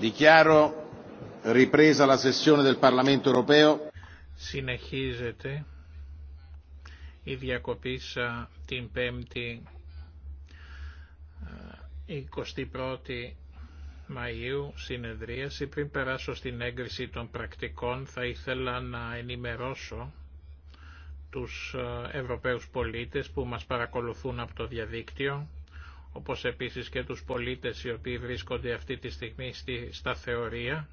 Dichiaro ripresa la sessione del Parlamento europeo. Συνεχίζεται η διακοπή την 5η 21η ε, Μαΐου συνεδρίαση. Πριν περάσω στην έγκριση των πρακτικών θα ήθελα να ενημερώσω τους ε, Ευρωπαίους πολίτες που μας παρακολουθούν από το διαδίκτυο όπως επίσης και τους πολίτες οι οποίοι βρίσκονται αυτή τη στιγμή στα θεωρία